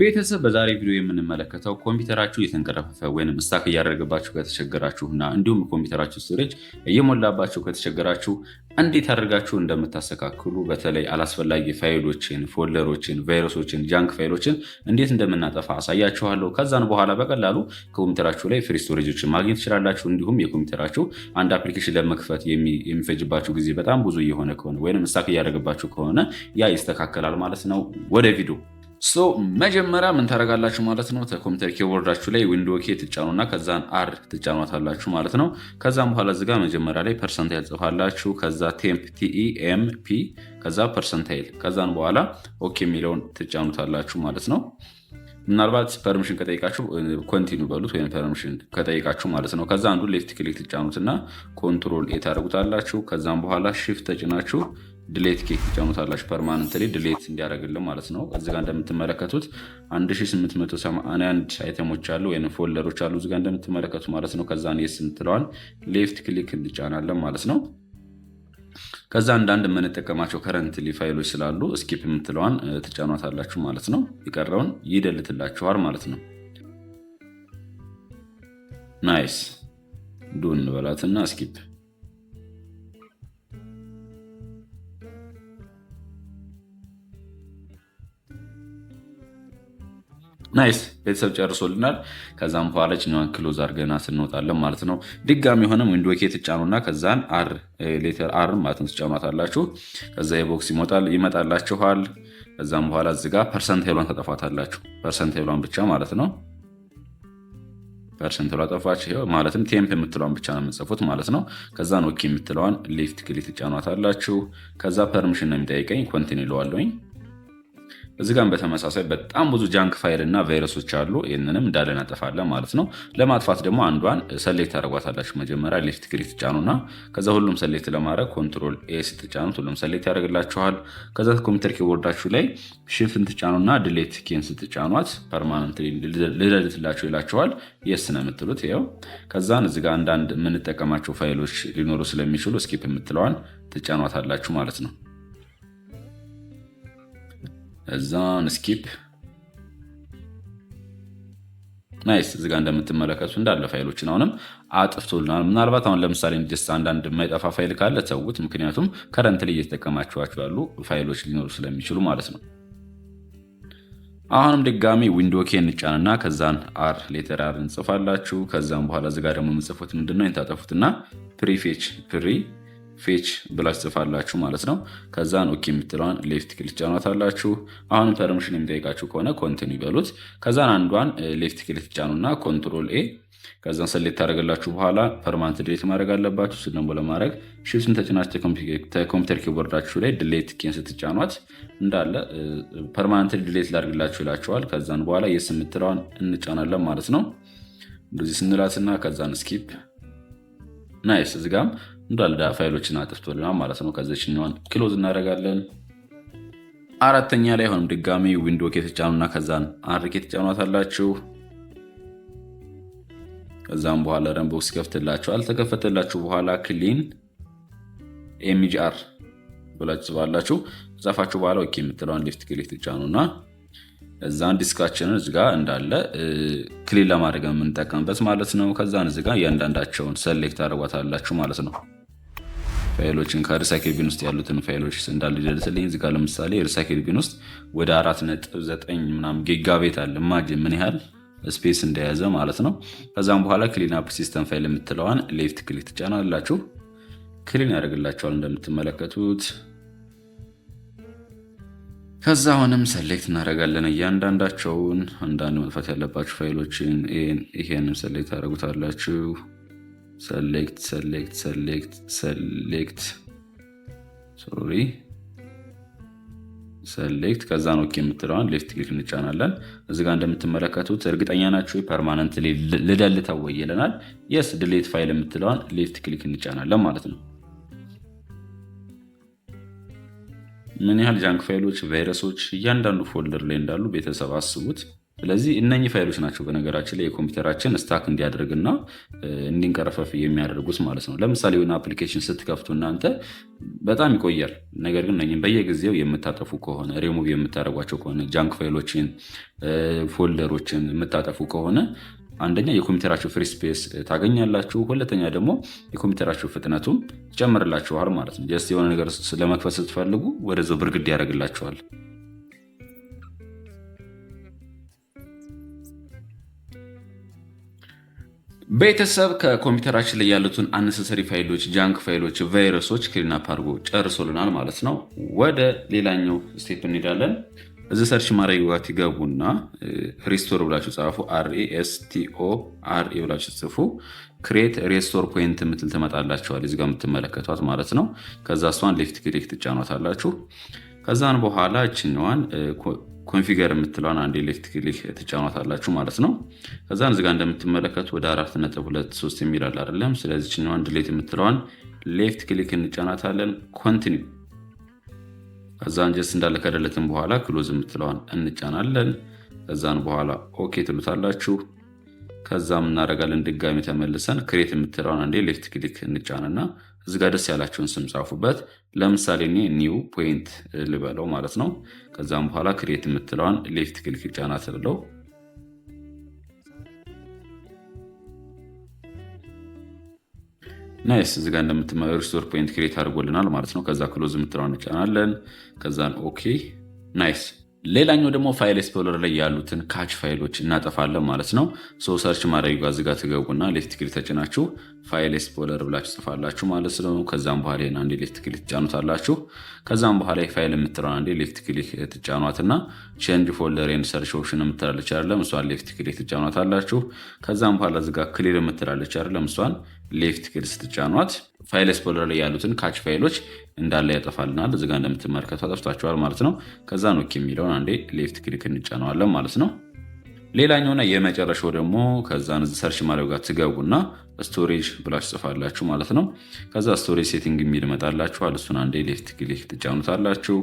ቤተሰብ በዛሬ ቪዲዮ የምንመለከተው ኮምፒውተራችሁ እየተንቀረፈፈ ወይም ስታክ እያደረገባችሁ ከተቸገራችሁ እና እንዲሁም ኮምፒውተራችሁ ስቶሬጅ እየሞላባችሁ ከተቸገራችሁ እንዴት አድርጋችሁ እንደምታስተካክሉ በተለይ አላስፈላጊ ፋይሎችን፣ ፎልደሮችን፣ ቫይረሶችን፣ ጃንክ ፋይሎችን እንዴት እንደምናጠፋ አሳያችኋለሁ። ከዛን በኋላ በቀላሉ ከኮምፒውተራችሁ ላይ ፍሪ ስቶሬጆችን ማግኘት ትችላላችሁ። እንዲሁም የኮምፒውተራችሁ አንድ አፕሊኬሽን ለመክፈት የሚፈጅባችሁ ጊዜ በጣም ብዙ እየሆነ ከሆነ ወይም ስታክ እያደረገባችሁ ከሆነ ያ ይስተካከላል ማለት ነው። ወደ ቪዲዮ ሶ መጀመሪያ ምን ታደርጋላችሁ ማለት ነው፣ ኮምፒውተር ኪቦርዳችሁ ላይ ዊንዶ ኬ ትጫኑና ከዛን አር ትጫኗታላችሁ ማለት ነው። ከዛም በኋላ እዚጋ መጀመሪያ ላይ ፐርሰንታይል ጽፋላችሁ፣ ከዛ ቴምፕ ቲኢኤምፒ፣ ከዛ ፐርሰንታይል፣ ከዛን በኋላ ኦኬ የሚለውን ትጫኑታላችሁ ማለት ነው። ምናልባት ፐርሚሽን ከጠይቃችሁ ኮንቲኒው በሉት ወይም ፐርሚሽን ከጠይቃችሁ ማለት ነው። ከዛ አንዱ ሌፍት ክሊክ ትጫኑትና ኮንትሮል ኤ ታደርጉታላችሁ። ከዛም በኋላ ሽፍት ተጭናችሁ ድሌት ኬክ ትጫኑታላችሁ። ፐርማነንትሊ ድሌት እንዲያደርግልን ማለት ነው። እዚ ጋ እንደምትመለከቱት 1881 አይተሞች አሉ ወይም ፎልደሮች አሉ እዚህ ጋር እንደምትመለከቱት ማለት ነው። ከዛን የስ ምትለዋል ሌፍት ክሊክ እንጫናለን ማለት ነው። ከዛ አንዳንድ የምንጠቀማቸው ከረንት ፋይሎች ስላሉ እስኪፕ የምትለዋን ትጫኗታላችሁ ማለት ነው። የቀረውን ይደልትላችኋል ማለት ነው። ናይስ ዱን በላትና እስኪፕ ናይስ ቤተሰብ ጨርሶልናል። ከዛም በኋላ ችኛዋን ክሎዝ አድርገና ስንወጣለን ማለት ነው። ድጋሚ የሆነም ዊንዶ ኬ ትጫኑና ከዛን አር ሌተር አር ማለት ነው ትጫኗታላችሁ። ከዛ የቦክስ ይመጣላችኋል። ከዛም በኋላ እዚጋ ፐርሰንት ሄሏን ተጠፋታላችሁ። ፐርሰንት ሄሏን ብቻ ማለት ነው ፐርሰንት ጠፋች ማለትም ቴምፕ የምትለዋን ብቻ ነው የምጽፉት ማለት ነው። ከዛን ኦኬ የምትለዋን ሊፍት ክሊ ትጫኗታላችሁ። ከዛ ፐርሚሽን ነው የሚጠይቀኝ ኮንቲኒ ይለዋለኝ እዚህ ጋም በተመሳሳይ በጣም ብዙ ጃንክ ፋይል እና ቫይረሶች አሉ። ይህንንም እንዳለ እናጠፋለን ማለት ነው። ለማጥፋት ደግሞ አንዷን ሰሌክት ታደርጓታላችሁ። መጀመሪያ ሌፍት ክሊክ ትጫኑና ከዛ ሁሉም ሰሌክት ለማድረግ ኮንትሮል ኤ ስትጫኑት ሁሉም ሰሌክት ያደርግላችኋል። ከዛ ኮምፒውተር ኪቦርዳችሁ ላይ ሽፍን ትጫኑና ድሌት ኬን ስትጫኗት ፐርማነንት ልደልትላችሁ ይላችኋል። የስ ነው የምትሉት ው ከዛን እዚህ ጋር አንዳንድ የምንጠቀማቸው ፋይሎች ሊኖሩ ስለሚችሉ ስኪፕ የምትለዋን ትጫኗታላችሁ ማለት ነው። እዛን ስኪፕ ናይስ እዚጋ እንደምትመለከቱ እንዳለ ፋይሎችን አሁንም አጥፍቶልናል። ምናልባት አሁን ለምሳሌ እንዲስ አንዳንድ የማይጠፋ ፋይል ካለ ተውት፣ ምክንያቱም ከረንት ላይ እየተጠቀማችኋቸው ያሉ ፋይሎች ሊኖሩ ስለሚችሉ ማለት ነው። አሁንም ድጋሚ ዊንዶ ኬ እንጫንና ከዛን አር ሌተር አር እንጽፋላችሁ። ከዛም በኋላ እዚጋ ደግሞ የምጽፉት ምንድነው ታጠፉትና ፕሪፌች ፕሪ ፌች ብላችሁ ጽፋላችሁ ማለት ነው። ከዛን ኦኬ የምትለዋን ሌፍት ክሊክ ጫኗታላችሁ። አሁንም ፐርሚሽን የሚጠይቃችሁ ከሆነ ኮንቲኒ ይበሉት። ከዛን አንዷን ሌፍት ክሊክ ጫኑና ኮንትሮል ኤ ከዛን ሰሌት ታደረገላችሁ በኋላ ፐርማንት ድሌት ማድረግ አለባችሁ። እሱን ደግሞ ለማድረግ ሽፍትን ተጭናችሁ ኮምፒውተር ኪቦርዳችሁ ላይ ድሌት ኬን ስትጫኗት እንዳለ ፐርማንት ድሌት ላድርግላችሁ ይላችኋል። ከዛን በኋላ የስ የምትለዋን እንጫናለን ማለት ነው። እንደዚህ ስንላትና ከዛን ስኪፕ ናይስ እዚጋም እንዳለ ፋይሎችን አጥፍቶልናል ማለት ነው። ከዚችኛዋን ክሎዝ እናደርጋለን። አራተኛ ላይ አሁንም ድጋሚ ዊንዶ ከተጫኑና ከዛን አር ከተጫኗታላችሁ ከዛም በኋላ ረምቦክስ ይከፍትላችኋል። አልተከፈተላችሁ በኋላ ክሊን ኤምጂአር ብላችሁ ትባላችሁ። ጻፋችሁ በኋላ ኦኬ የምትለውን ሌፍት ክሊክ ትጫኑና እዛን ዲስካችንን ጋ እንዳለ ክሊን ለማድረግ የምንጠቀምበት ማለት ነው። ከዛን እዚጋ እያንዳንዳቸውን ሰሌክት አድርጓታላችሁ ማለት ነው። ፋይሎችን ከሪሳይክል ቢን ውስጥ ያሉትን ፋይሎች እንዳለ ይደልስልኝ። ጋ ለምሳሌ ሪሳይክል ቢን ውስጥ ወደ አራት ነጥብ ዘጠኝ ምናምን ጊጋቤት አለ ማጅ ምን ያህል ስፔስ እንደያዘ ማለት ነው። ከዛም በኋላ ክሊን አፕ ሲስተም ፋይል የምትለዋን ሌፍት ክሊክ ትጫናላችሁ። ክሊን ያደርግላችኋል እንደምትመለከቱት ከዛ አሁንም ሰሌክት እናደርጋለን እያንዳንዳቸውን አንዳንድ መጥፋት ያለባችሁ ፋይሎችን ይሄንም ሰሌክት ታደርጉታላችሁ። ሰሌክት ሰሌክት ሰሌክት ሰሌክት ሶሪ ሰሌክት ከዛን ኦኬ የምትለዋን ሌፍት ክሊክ እንጫናለን። እዚጋ እንደምትመለከቱት እርግጠኛ ናችሁ ፐርማነንት ልደልተው ይለናል። የስ ድሌት ፋይል የምትለዋን ሌፍት ክሊክ እንጫናለን ማለት ነው። ምን ያህል ጃንክ ፋይሎች፣ ቫይረሶች እያንዳንዱ ፎልደር ላይ እንዳሉ ቤተሰብ አስቡት። ስለዚህ እነኚህ ፋይሎች ናቸው በነገራችን ላይ የኮምፒውተራችን ስታክ እንዲያደርግና እንዲንቀረፈፍ የሚያደርጉት ማለት ነው። ለምሳሌ የሆነ አፕሊኬሽን ስትከፍቱ እናንተ በጣም ይቆያል። ነገር ግን እነኚህን በየጊዜው የምታጠፉ ከሆነ ሪሙቭ የምታደርጓቸው ከሆነ ጃንክ ፋይሎችን፣ ፎልደሮችን የምታጠፉ ከሆነ አንደኛ የኮምፒውተራችሁ ፍሪ ስፔስ ታገኛላችሁ። ሁለተኛ ደግሞ የኮምፒውተራችሁ ፍጥነቱም ይጨምርላችኋል ማለት ነው። ጀስት የሆነ ነገር ለመክፈት ስትፈልጉ ወደዛው ብርግድ ያደርግላችኋል። ቤተሰብ ከኮምፒውተራችን ላይ ያሉትን አነሰሰሪ ፋይሎች፣ ጃንክ ፋይሎች፣ ቫይረሶች ክሊናፕ አድርጎ ጨርሶልናል ማለት ነው። ወደ ሌላኛው ስቴፕ እንሄዳለን። እዚ ሰርች ማድረግ ጋር ትገቡና ሪስቶር ብላችሁ ጻፉ። አርኤስቲኦአርኤ ብላችሁ ጽፉ። ክሬት ሬስቶር ፖይንት የምትል ትመጣላችኋል። እዚጋ የምትመለከቷት ማለት ነው። ከዛ እሷን ሌፍት ክሊክ ትጫኗታላችሁ። ከዛን በኋላ እችኛዋን ኮንፊገር የምትለዋን አንድ ሌፍት ክሊክ ትጫኗታላችሁ ማለት ነው። ከዛን እዚጋ እንደምትመለከቱ ወደ አራት ነጥብ ሁለት ሶስት የሚላል አይደለም። ስለዚህ እችኛዋን ድሌት የምትለዋን ሌፍት ክሊክ እንጫናታለን ኮንቲኒው እዛን ጀስ እንዳለ ከደለትን በኋላ ክሎዝ የምትለዋን እንጫናለን። ከዛን በኋላ ኦኬ ትሉታላችሁ። ከዛም እናደርጋለን ድጋሚ ተመልሰን ክሬት የምትለዋን አንዴ ሌፍት ክሊክ እንጫንና እዚ ጋር ደስ ያላችሁን ስም ጻፉበት። ለምሳሌ እኔ ኒው ፖይንት ልበለው ማለት ነው። ከዛም በኋላ ክሬት የምትለዋን ሌፍት ክሊክ ጫና ትልለው ናይስ እዚህ ጋር እንደምትመ- ሪስቶር ፖይንት ክሬት አድርጎልናል ማለት ነው። ከዛ ክሎዝ የምትለዋን እንጫናለን። ከዛን ኦኬ ናይስ ሌላኛው ደግሞ ፋይል ኤክስፕሎረር ላይ ያሉትን ካች ፋይሎች እናጠፋለን ማለት ነው። ሶ ሰርች ማድረግ ጋር እዚጋ ትገቡና ሌፍት ክሊክ ተጭናችሁ ፋይል ኤክስፕሎረር ብላችሁ ጽፋላችሁ ማለት ነው። ከዛም በኋላ ይሄን አንዴ ሌፍት ክሊክ ትጫኑታላችሁ። ከዛም በኋላ ፋይል የምትለውን አንዴ ሌፍት ክሊክ ትጫኗትና ቼንጅ ፎልደር ኤንድ ሰርች ኦፕሽን የምትላለች አይደለም፣ እሷን ሌፍት ክሊክ ትጫኗታላችሁ። ከዛም በኋላ ዝጋ ክሊር የምትላለች አይደለም፣ እሷን ሌፍት ክሊክ ስትጫኗት ፋይል ስፖለር ላይ ያሉትን ካች ፋይሎች እንዳለ ያጠፋልናል። እዚጋ እንደምትመለከቱ አጠፍቷቸዋል ማለት ነው። ከዛ ኖክ የሚለውን አንዴ ሌፍት ክሊክ እንጫነዋለን ማለት ነው። ሌላኛውና የመጨረሻው ደግሞ ከዛን ሰርች ማድረግ ጋር ትገቡና ስቶሬጅ ብላችሁ ጽፋላችሁ ማለት ነው። ከዛ ስቶሬጅ ሴቲንግ የሚል መጣላችኋል። እሱን አንዴ ሌፍት ክሊክ ትጫኑታላችሁ።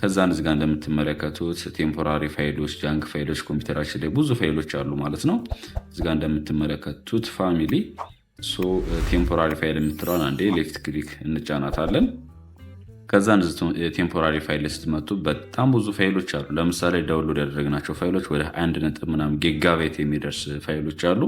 ከዛን እዚጋ እንደምትመለከቱት ቴምፖራሪ ፋይሎች፣ ጃንክ ፋይሎች፣ ኮምፒውተራችን ላይ ብዙ ፋይሎች አሉ ማለት ነው። እዚጋ እንደምትመለከቱት ፋሚሊ ሶ ቴምፖራሪ ፋይል የምትለዋን አንዴ ሌፍት ክሊክ እንጫናታለን። ከዛ ቴምፖራሪ ፋይል ስትመጡ በጣም ብዙ ፋይሎች አሉ። ለምሳሌ ዳውንሎድ ያደረግናቸው ፋይሎች ወደ አንድ ነጥብ ምናምን ጌጋቤት የሚደርስ ፋይሎች አሉ።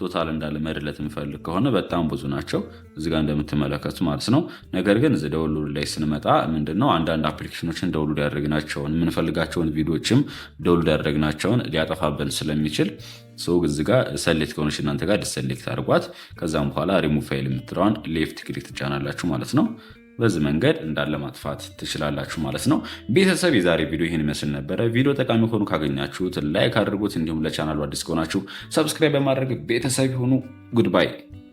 ቶታል እንዳለ መድለት እንፈልግ ከሆነ በጣም ብዙ ናቸው እዚጋ እንደምትመለከቱ ማለት ነው። ነገር ግን እዚ ዳውንሎድ ላይ ስንመጣ ምንድነው አንዳንድ አፕሊኬሽኖችን ዳውንሎድ ያደረግናቸውን የምንፈልጋቸውን ቪዲዮዎችም ዳውንሎድ ያደረግናቸውን ሊያጠፋብን ስለሚችል ሰው እዚ ጋ ሰሌክት ከሆነች እናንተ ጋር ዲሰሌክት አድርጓት። ከዛም በኋላ ሪሙቭ ፋይል የምትለዋን ሌፍት ክሊክ ትጫናላችሁ ማለት ነው። በዚህ መንገድ እንዳለ ማጥፋት ትችላላችሁ ማለት ነው። ቤተሰብ የዛሬ ቪዲዮ ይህን ይመስል ነበረ። ቪዲዮ ጠቃሚ ሆኑ ካገኛችሁት ላይክ አድርጉት። እንዲሁም ለቻናሉ አዲስ ከሆናችሁ ሰብስክራይብ በማድረግ ቤተሰብ የሆኑ ጉድባይ